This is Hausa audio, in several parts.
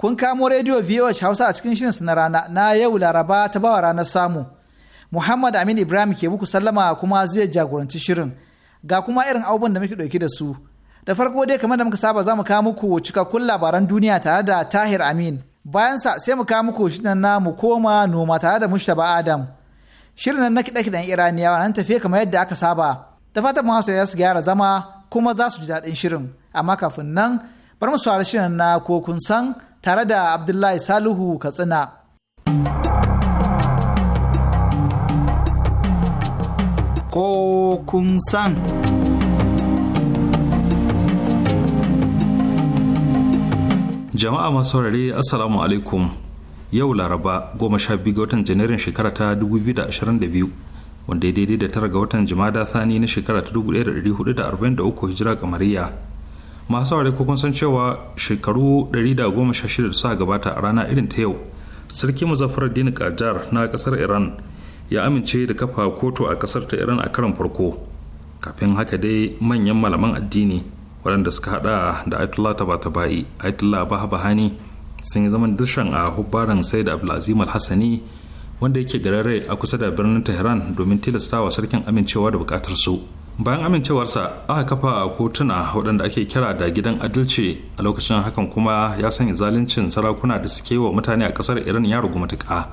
kun kamo rediyo VOH Hausa a cikin shirin na rana na yau Laraba ta bawa ranar samu. Muhammad Amin Ibrahim ke muku sallama kuma zai jagoranci shirin. Ga kuma irin abubuwan da muke ɗauki da su. Da farko dai kamar da muka saba za mu kawo muku cikakkun labaran duniya tare da Tahir Amin. Bayansa sai mu kawo muku shirin na mu koma noma tare da Mushtaba Adam. Shirin na kiɗe-kiɗen Iraniyawa nan tafiye kamar yadda aka saba. Da fatan mu ya su gyara zama kuma za su ji daɗin shirin. Amma kafin nan bar mu saurari shirin na ko kun san tare da Abdullahi Salihu Katsina. Ko kun san. Jama'a masu saurare Assalamu alaikum yau Laraba goma sha biyu ga watan Janairun shekara ta 2022. wanda ya daidai da tara ga watan da thani na shekara ta 1443 hijira kamariya masu aure kun san cewa shekaru 116 suka gabata a rana irin ta yau sarki din kajar na kasar iran ya amince da kafa kotu a kasar ta iran a karan farko kafin haka dai manyan malaman addini waɗanda suka hada da aitullah tabatabai aitullah bahani sun yi zaman dushen a hubbaran sai da abulazim alhassani wanda yake gararai a kusa da birnin tehran domin tilastawa sarkin amincewa da bukatar su bayan amincewarsa aka kafa kotuna waɗanda ake kira da gidan adalci a lokacin hakan kuma ya sanya zaluncin sarakuna da suke wa mutane a kasar iran ya rugu matuƙa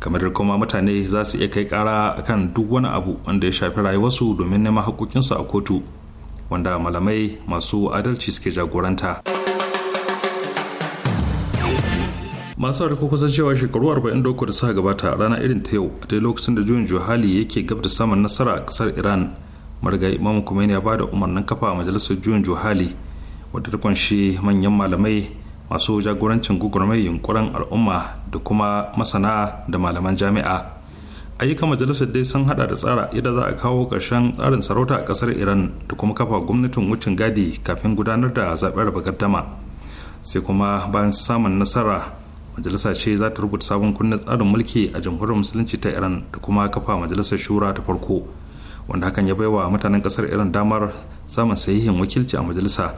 kamar kuma mutane za su iya kai ƙara akan duk wani abu wanda ya shafi rayuwarsu domin neman haƙoƙinsu a kotu wanda malamai masu adalci suke jagoranta masu harko kusan cewa shekaru 43 da suka gabata rana irin ta yau a dai lokacin da juyin juhali yake gab da samun nasara a kasar iran marigayi imam kuma ya bada umarnin kafa a majalisar juyin juhali wadda ta kunshi manyan malamai masu jagorancin gugurmai yunkurin al'umma da kuma masana da malaman jami'a ayyukan majalisar dai sun hada da tsara yadda za a kawo ƙarshen tsarin sarauta a ƙasar iran da kuma kafa gwamnatin wucin gadi kafin gudanar da zaɓen raba gardama sai kuma bayan samun nasara majalisa ce za ta rubuta sabon kunnen tsarin mulki a jamhuriyar musulunci ta iran da kuma kafa majalisar shura ta farko wanda hakan ya baiwa mutanen kasar iran damar samun sahihin wakilci a majalisa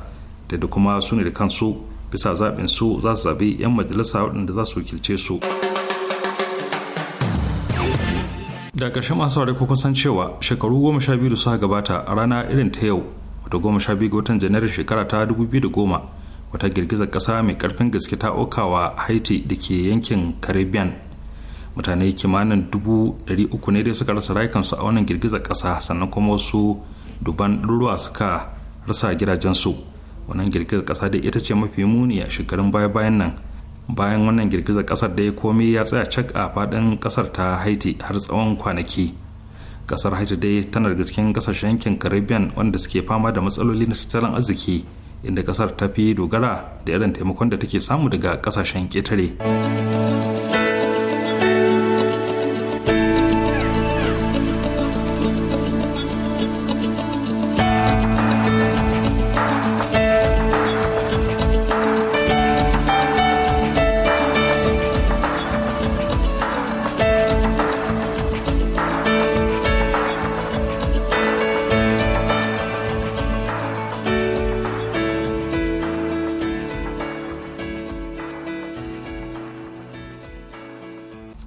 da da kuma su ne da kansu bisa zaɓin su za su zaɓi 'yan majalisa waɗanda za su wakilce su da ƙarshen masu wari ko kusan cewa shekaru goma sha biyu da suka gabata a rana irin ta yau wata goma sha biyu ga watan janairu shekara ta dubu biyu da goma wata girgizar ƙasa mai ƙarfin gaske ta aukawa haiti da ke yankin caribbean mutane kimanin dubu ɗari uku ne dai suka rasa rayukansu a wannan girgizar ƙasa sannan kuma wasu duban ɗaruruwa suka rasa gidajensu wannan girgizar kasa dai ita ce mafi muni a shekarun baya bayan nan bayan wannan girgizar ƙasar dai komai ya tsaya cak a faɗin ƙasar ta haiti har tsawon kwanaki ƙasar haiti dai tana daga cikin ƙasashen yankin caribbean wanda suke fama da matsaloli na tattalin arziki inda ƙasar ta fi dogara da irin taimakon da take samu daga ƙasashen ƙetare.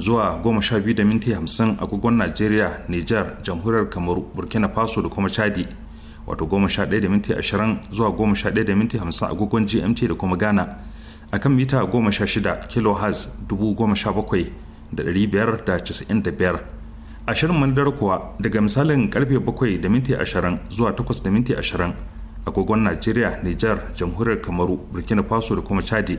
zuwa goma sha biyu da agogon najeriya nijar jamhuriyar kamaru burkina faso da kuma chadi wato goma sha ɗaya da minti ashirin zuwa goma sha ɗaya agogon gmt da kuma ghana akan mita goma sha shida kilohertz dubu goma sha bakwai da biyar da da biyar ashirin mandar kuwa daga misalin karfe bakwai da minti ashirin zuwa takwas da minti ashirin agogon najeriya nijar jamhuriyar kamaru burkina faso da kuma chadi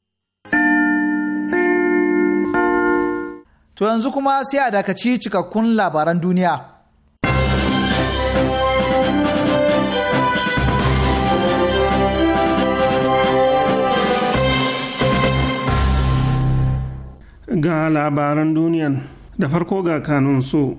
To yanzu kuma sai a dakaci cikakkun labaran duniya. Ga labaran duniyan da farko ga kanun so.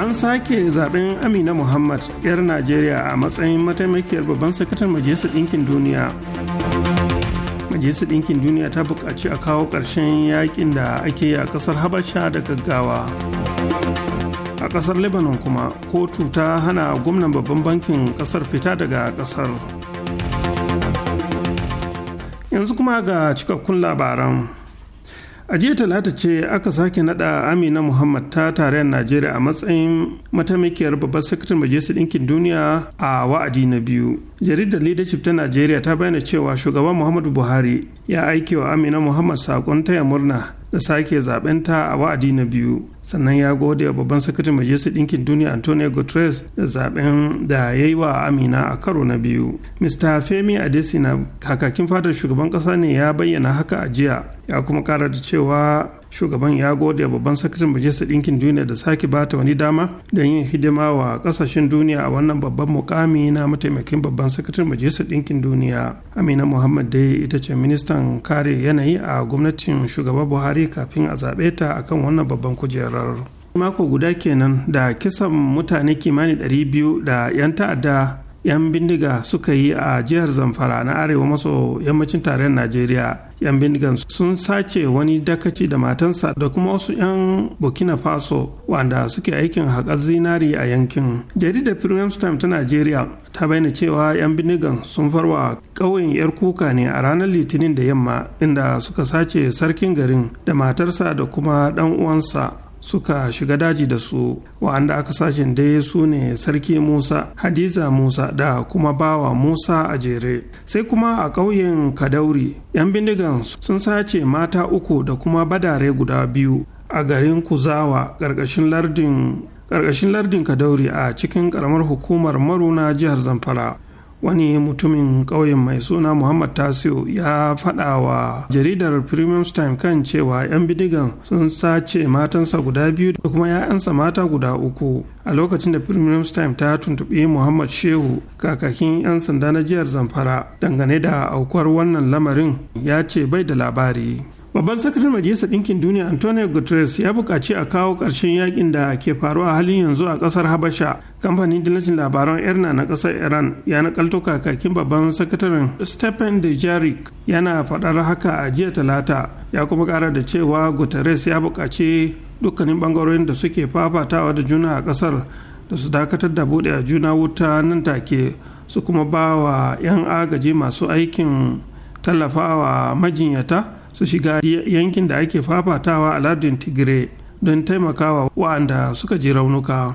an sake zaben amina muhammad 'yar najeriya a matsayin mataimakiyar babban sakatar majalisar ɗinkin duniya majalisar ɗinkin duniya ta buƙaci a kawo ƙarshen yakin da ake yi a ƙasar habasha da gaggawa a ƙasar lebanon kuma kotu ta hana gwamnan babban bankin ƙasar fita daga ƙasar yanzu kuma ga cikakkun labaran a jiya talata ce aka sake nada amina muhammad ta tarayyar najeriya a matsayin mataimakiyar babbar sakatar majalisar ɗinkin duniya a wa'adi na biyu jaridar leadership ta najeriya ta bayyana cewa shugaban muhammadu buhari ya aike wa amina muhammad saƙon taya murna da sake ta a wa'adi na biyu sannan ya gode wa babban sakatin majalisar ɗinkin duniya antonio guterres da zaben da ya yi wa amina a karo na biyu mr femi adesina kakakin fadar shugaban ƙasa ne ya bayyana haka a jiya ya kuma ƙara da cewa shugaban ya gode wa babban sakatin majalisar ɗinkin duniya da sake ba ta wani dama don yin hidima wa ƙasashen duniya a wannan babban mukami na mataimakin babban sakatin majalisar ɗinkin duniya amina muhammad dai ita ce ministan kare yanayi a gwamnatin shugaba buhari kafin a zaɓe ta akan wannan babban kujerar sauraro. Mako guda kenan da kisan mutane kimanin 200 da 'yan ta'adda 'yan bindiga suka yi a jihar Zamfara na arewa maso yammacin tarayyar Najeriya. 'Yan bindigan sun sace wani dakaci da matansa da kuma wasu 'yan Burkina Faso wanda suke aikin haƙar zinari a yankin. Jaridar Premium Time ta Najeriya ta bayyana cewa 'yan bindigan sun farwa ƙauyen 'yar kuka ne a ranar litinin da yamma inda suka sace sarkin garin da matarsa da kuma ɗan uwansa. suka shiga daji da su wa'anda aka sashen dai su ne sarki musa hadiza musa da kuma bawa musa a jere sai kuma a ƙauyen kadauri 'yan bindigan sun sace mata uku da kuma badare guda biyu a garin kuzawa ƙarƙashin lardin ƙarƙashin lardin kadauri a cikin ƙaramar hukumar maruna jihar zamfara wani mutumin ƙauyen mai suna muhammad tasiu ya faɗa wa jaridar premium time kan cewa 'yan bidigan sun sace matansa guda biyu da kuma 'ya'yansa mata guda uku a lokacin da premium time ta tuntuɓi muhammad shehu kakakin 'yan sanda na jihar zamfara dangane da aukuwar wannan lamarin ya ce bai da labari babban sakataren majalisar ɗinkin duniya antonio guterres ya buƙaci a kawo ƙarshen yakin da ke faruwa a halin yanzu a ƙasar habasha kamfanin dillacin labaran erna na ƙasar iran ya nakalto kakakin babban sakataren stephen dejarik yana faɗar haka a jiya talata ya kuma ƙara da cewa guterres ya buƙaci dukkanin bangarorin da suke fafatawa da juna a ƙasar da su dakatar da buɗe a juna wuta nan take su kuma ba wa 'yan agaji masu aikin tallafawa majinyata su shiga yankin da ake fafatawa a lardin tigre don taimakawa wa'anda suka ji raunuka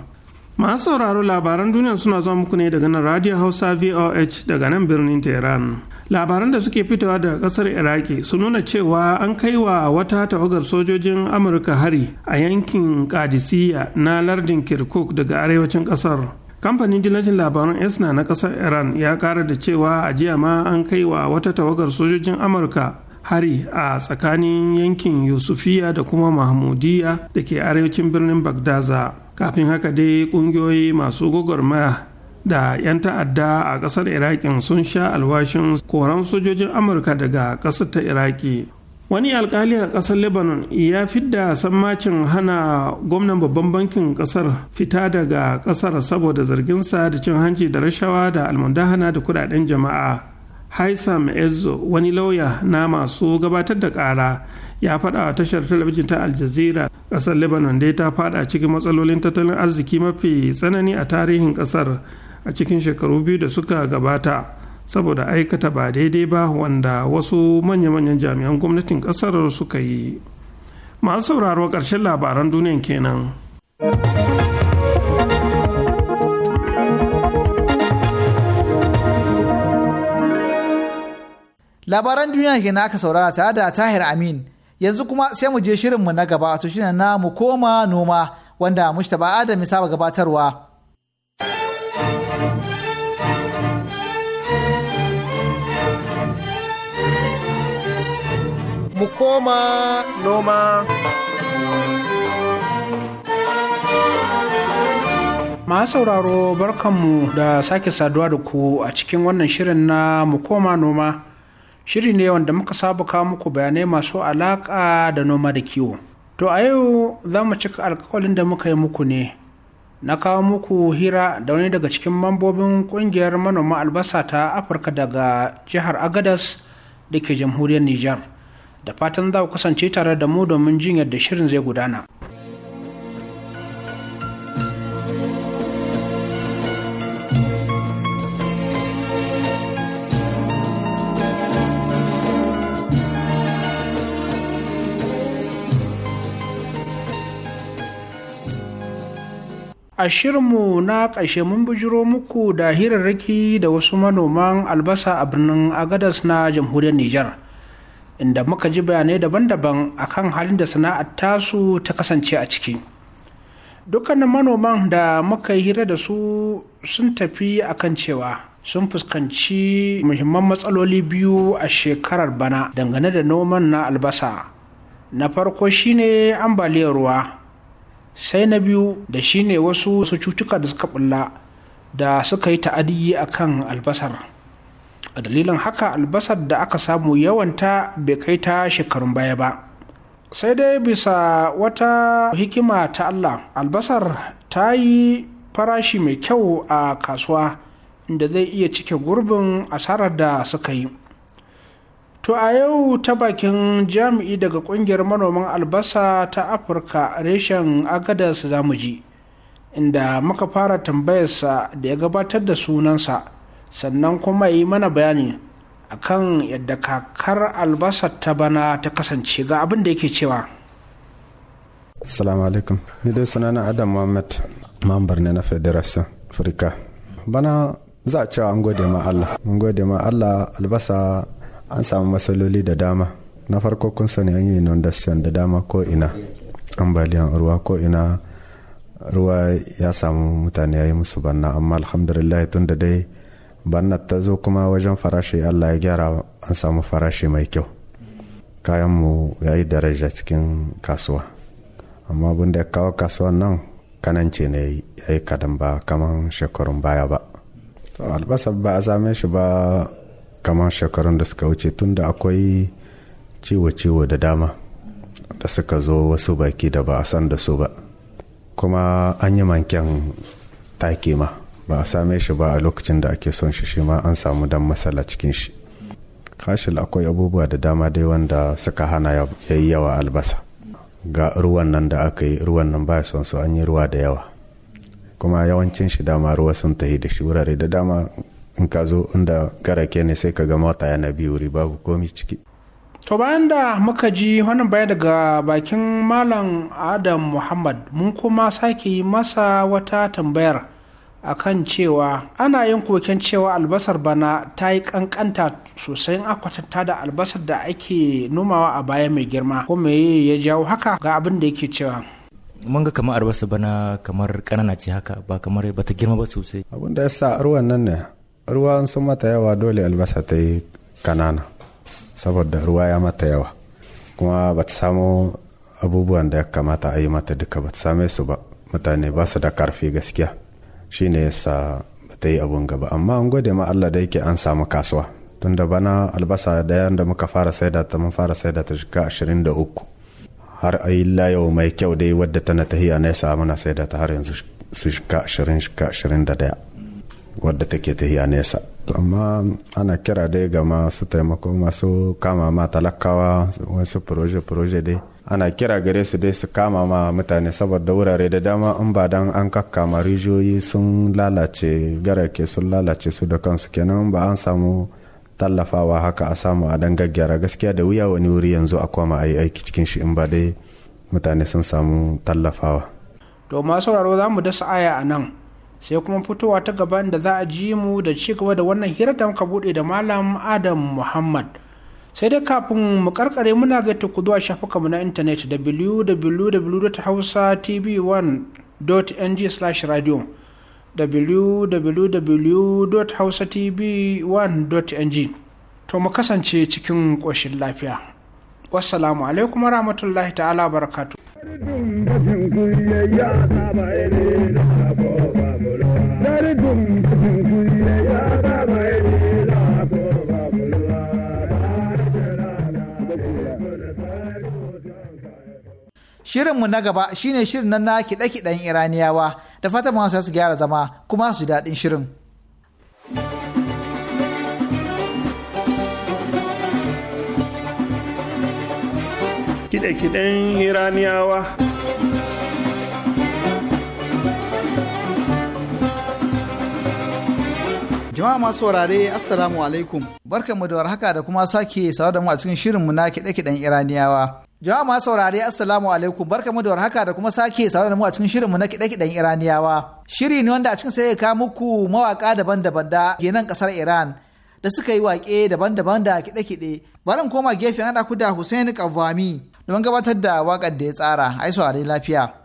masu sauraro labaran duniya suna zuwa muku ne daga nan radio hausa voh daga nan birnin tehran labaran da suke fitowa daga kasar iraki sun nuna cewa an kai wa wata tawagar sojojin amurka hari a yankin kadisiya na lardin kirkuk daga arewacin kasar kamfanin dillacin labaran esna na kasar iran ya kara da cewa a jiya ma an kai wa wata tawagar sojojin amurka hari a tsakanin yankin yusufiya da kuma mahmudiya da ke arewacin birnin bagdaza kafin haka dai kungiyoyi masu gwagwarmaya da 'yan ta'adda a ƙasar iraki sun sha alwashin koran sojojin amurka daga ƙasar ta iraki wani alkali a ƙasar lebanon ya fidda sammacin hana gwamnan babban bankin ƙasar fita daga ƙasar saboda zarginsa da cin hanci da rashawa da almundahana da kudaden jama'a haisam ezzo wani lauya na masu gabatar da ƙara ya faɗa a tashar talabijin ta aljazira ƙasar lebanon dai ta faɗa cikin matsalolin tattalin arziki mafi tsanani a tarihin ƙasar a cikin shekaru biyu da suka gabata saboda aikata ba daidai ba wanda wasu manya-manyan jami'an gwamnatin ƙasar suka yi masu sauraro ƙarshen labaran duniya kenan. labaran duniya ke aka saurara tare da tahir amin yanzu kuma sai mu je shirinmu na gaba to shine na mu koma noma wanda mushtaba adam ya saba gabatarwa mu koma noma Ma sauraro barkanmu da sake saduwa da ku a cikin wannan shirin na mukoma noma shiri ne wanda muka saba kawo muku bayanai masu alaƙa da noma da kiwo to a yau za mu cika alkawalin da muka yi muku ne na kawo muku hira da wani daga cikin mambobin ƙungiyar manoma albasa ta afirka daga jihar agadas da ke jamhuriyar nijar da fatan za ku kasance tare da mu domin jin yadda shirin zai gudana a shirinmu na ƙarshe mun bujiro muku da hirarraki da wasu manoman albasa a birnin agadas na jamhuriyar Nijar, inda muka ji bayanai daban-daban akan halin da sana'ar tasu ta kasance a ciki. Dukkanin manoman da muka yi hira da su sun tafi akan cewa sun fuskanci muhimman matsaloli biyu a shekarar bana dangane da noman na albasa. Na farko shine ambaliyar ruwa. sai na biyu da shi ne wasu su cutuka da suka bulla da suka yi ta'adiyi a kan albasar a dalilin haka albasar da aka samu yawanta bai kai ta shekarun baya ba sai dai bisa wata hikima ta allah albasar ta yi farashi mai kyau a kasuwa inda zai iya cike gurbin asarar da suka yi To a yau ta bakin jami'i daga kungiyar manoman albasa ta Afirka reshen agadas za mu ji, inda muka fara tambayarsa da ya gabatar da sunansa, sannan kuma yi mana bayani a kan yadda kakar albasa ta bana ta kasance ga abin da yake cewa. Assalamu alaikum, ni dai sunana Adam Muhammad, mambar ne na Federation Afirka. Bana za a cewa an gode ma Allah, an gode ma Allah albasa an samu matsaloli da dama na farko kun sani an yi inundation da dama ko ina ambaliyan ruwa ko ina ruwa ya samu mutane ya yi musu banna amma alhamdulillah tun da dai banna ta zo kuma wajen farashi allah ya gyara an samu farashi mai kyau kayanmu ya yi daraja cikin kasuwa amma abin da ya kawo kasuwan nan kanance ne ya yi kadan ba kamar shekarun baya ba albasa ba a same shi ba kamar shekarun da suka wuce tun da akwai ciwo-ciwo da dama da suka zo wasu baki da ba a san da su ba kuma an yi manken take ma ba a same shi ba a lokacin da ake son shi shi ma an samu dan matsala cikin shi kashil akwai abubuwa da dama dai wanda suka hana ya yi yawa albasa ga ruwan nan da aka yi ruwan nan ba son su an yi ruwa da yawa kuma yawancin shi dama ruwa sun tahi da shi wurare da dama in ka zo inda garake ne sai ka ga mota yana biyu wuri babu komi ciki to bayan da muka ji wannan baya daga bakin malam adam muhammad mun kuma sake yi masa wata tambayar a kan cewa ana yin koken cewa albasar bana ta yi kankanta sosai a kwatanta da albasar da ake nomawa a baya mai girma ko me ya jawo haka ga abin da yake cewa mun ga kamar albasar bana kamar kanana ce haka ba kamar bata girma ba sosai abin da ya sa ruwan nan ne ruwa sun mata yawa dole albasa ta yi kanana saboda ruwa ya mata yawa kuma ba ta samu abubuwan da ya kamata a yi mata duka ba ta same su ba mutane ba su da karfi gaskiya shi shine yasa ba ta yi abun gaba amma an gode ma Allah da yake an samu kasuwa tunda bana albasa daya da muka fara saida ta mun fara saida ta shiga uku har a yi layo mai kyau dai wadda tana tahiya nesa muna saida ta har yanzu su shiga ashirin shiga daya. wadda take tahiya nesa amma ana kira dai ga masu taimako masu kama ma talakawa wasu proje-proje dai ana kira gare su dai su kama ma mutane saboda wurare da dama in ba dan an kakkama rijiyoyi sun lalace garake sun lalace su da kansu kenan ba an samu tallafawa haka a samu a dan gaggyara gaskiya da wuya wani wuri yanzu a koma a yi aiki cikin shi in ba dai mutane sun samu tallafawa to masu sauraro za mu dasa aya a nan sai kuma fitowa ta gaban da za a ji mu da ci gaba da wannan hirar da muka bude da malam adam muhammad sai dai kafin mu karkare muna ga ku zuwa shafukanmu na intanet www.hausatv1.ng/radio www.hausatv1.ng to mu kasance cikin ƙoshin lafiya wassalamu alaikum rahmatullahi ta'ala barakatu. zargun mu Shirinmu na gaba shine shirin nan na kiɗe-kiɗen Iraniyawa da fatan masu su gyara zama kuma su daɗin shirin. Kiɗe-kiɗen Iraniyawa. Jama'a masu saurare Assalamu alaikum. Barkanmu da warhaka da kuma sake sawa da mu a cikin shirinmu na kiɗe-kiɗen Iraniyawa. Jama'a masu saurare Assalamu alaikum. Barkanmu da warhaka da kuma sake sawa da mu a cikin shirinmu na kiɗe-kiɗen Iraniyawa. Shiri ne wanda a cikin sai ya kawo muku mawaka daban-daban da genan nan ƙasar Iran da suka yi waƙe daban-daban da kiɗe-kiɗe. Barin koma gefen haɗa ku da Hussein Kavami don gabatar da waƙar da ya tsara. Ai saurare lafiya.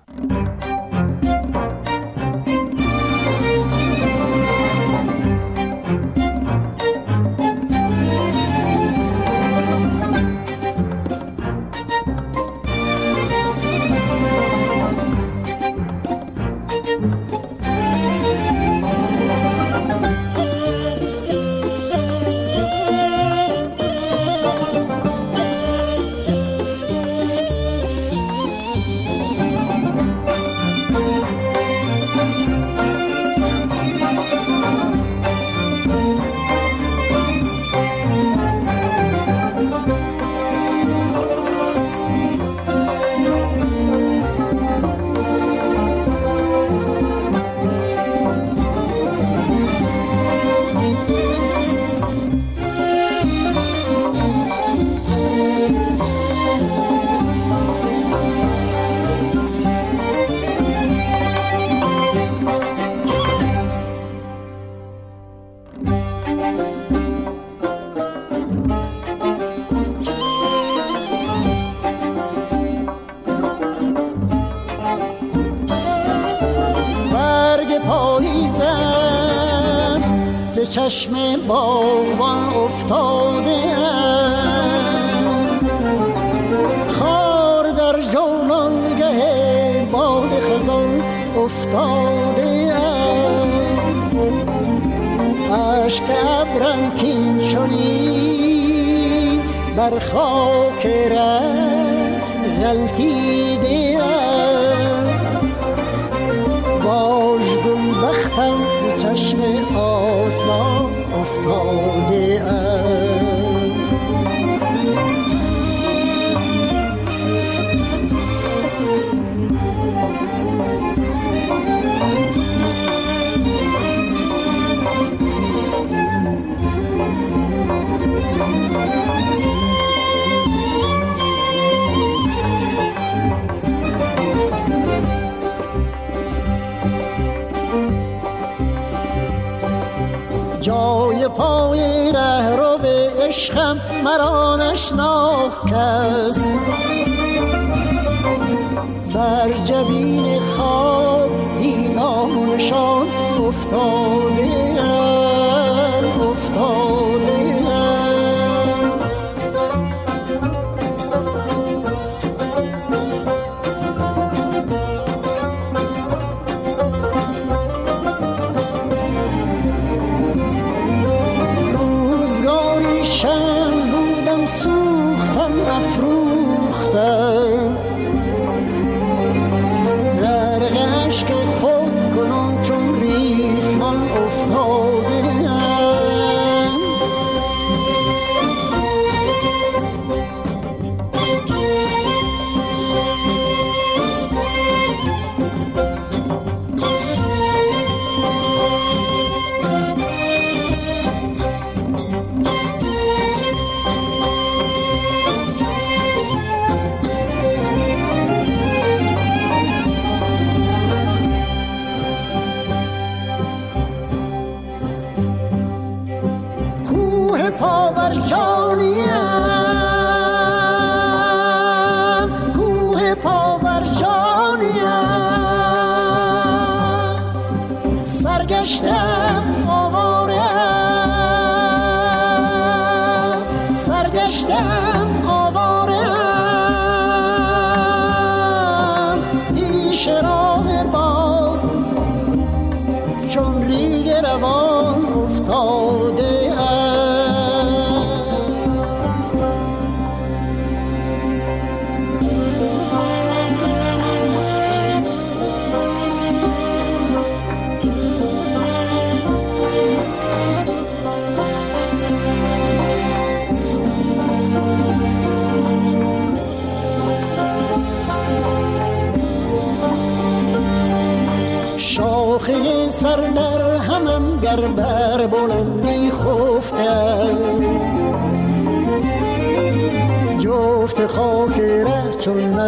چشم بابا افتاده خار در جولانگه باد خزان افتاده عشق عبرم کین بر خاک را غلطیده واژگون بختم چشم آسمان 头的儿。پای ره رو به عشقم مرا نشناخت کس بر جبین خواب این آمونشان افتاد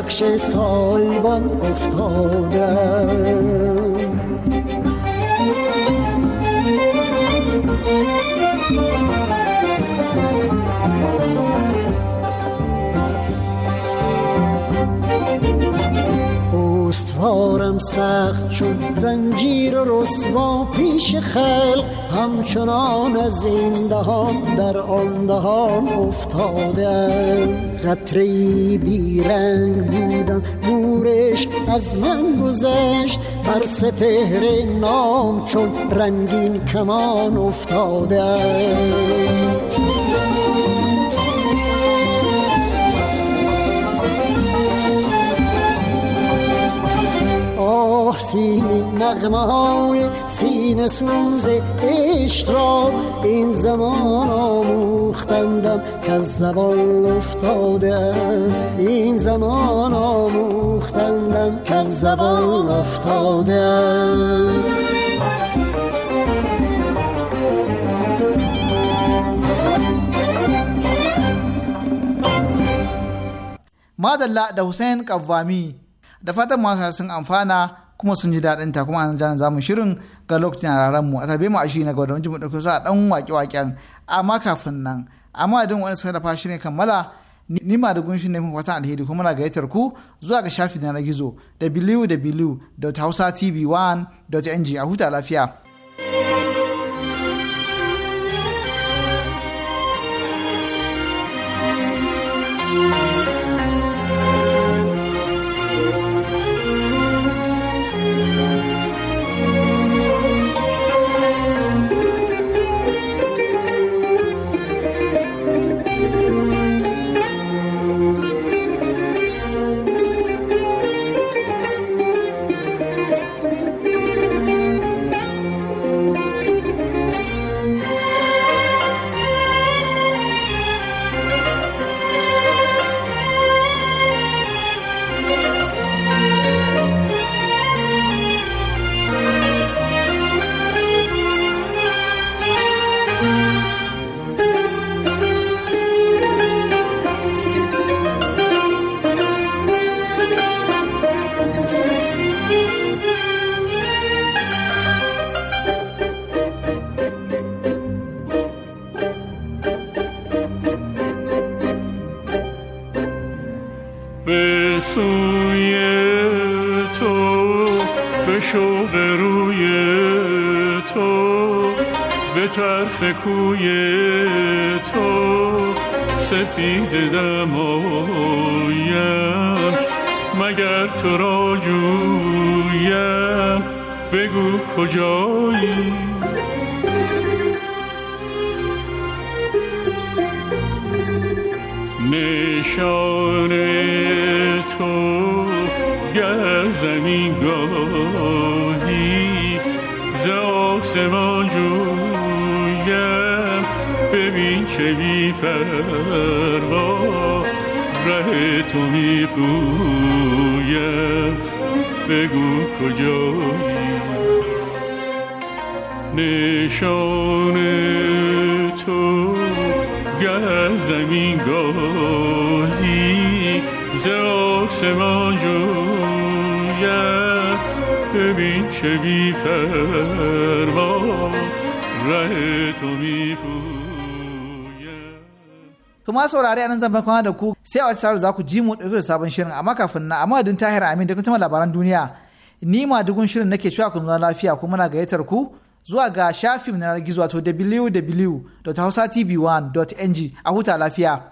نقش سالبان افتادم استوارم سخت چون زنجیر و رسوا پیش خلق همچنان از این دهان در آن دهان افتادم قطره بیرنگ بودم مورش از من گذشت بر سپهر نام چون رنگین کمان افتاده آه سیمی نغمه های سین سوز عشق را این زمان آموختندم که از زبان افتاده این زمان آموختندم که از زبان افتاده madalla da Hussein Kavwami da fatan masu sun amfana kuma sun ji daɗin ta kuma an zamu shirin ga lokacin yaran mu a tabe mu a shi na gaba domin mu dauke su a dan waƙe-waƙen amma kafin nan amma idan wani sarrafa shi ne kammala ni ma da gunshin ne fatan alheri kuma na gayyatar ku zuwa ga shafi na gizo www.hausatv1.ng a huta lafiya. سفید دمایم مگر تو را جویم بگو کجایی نشان تو گر زمین گاهی ز آسمان جویم شوی فروا ره تو می پویم بگو کجایی نشان تو گر زمین گاهی ز آسمان جویم ببین چه بی فرما ره تو می پویم to ma saurare anan zan kwana da ku sai a wace sabar za ku ji mu dauke da sabon shirin amma kafin na amma din tahir amin da kuma labaran duniya ni ma dugun shirin nake cewa ku nuna lafiya kuma na gayyatar ku zuwa ga shafin na gizo wato www.hausatv1.ng a huta lafiya.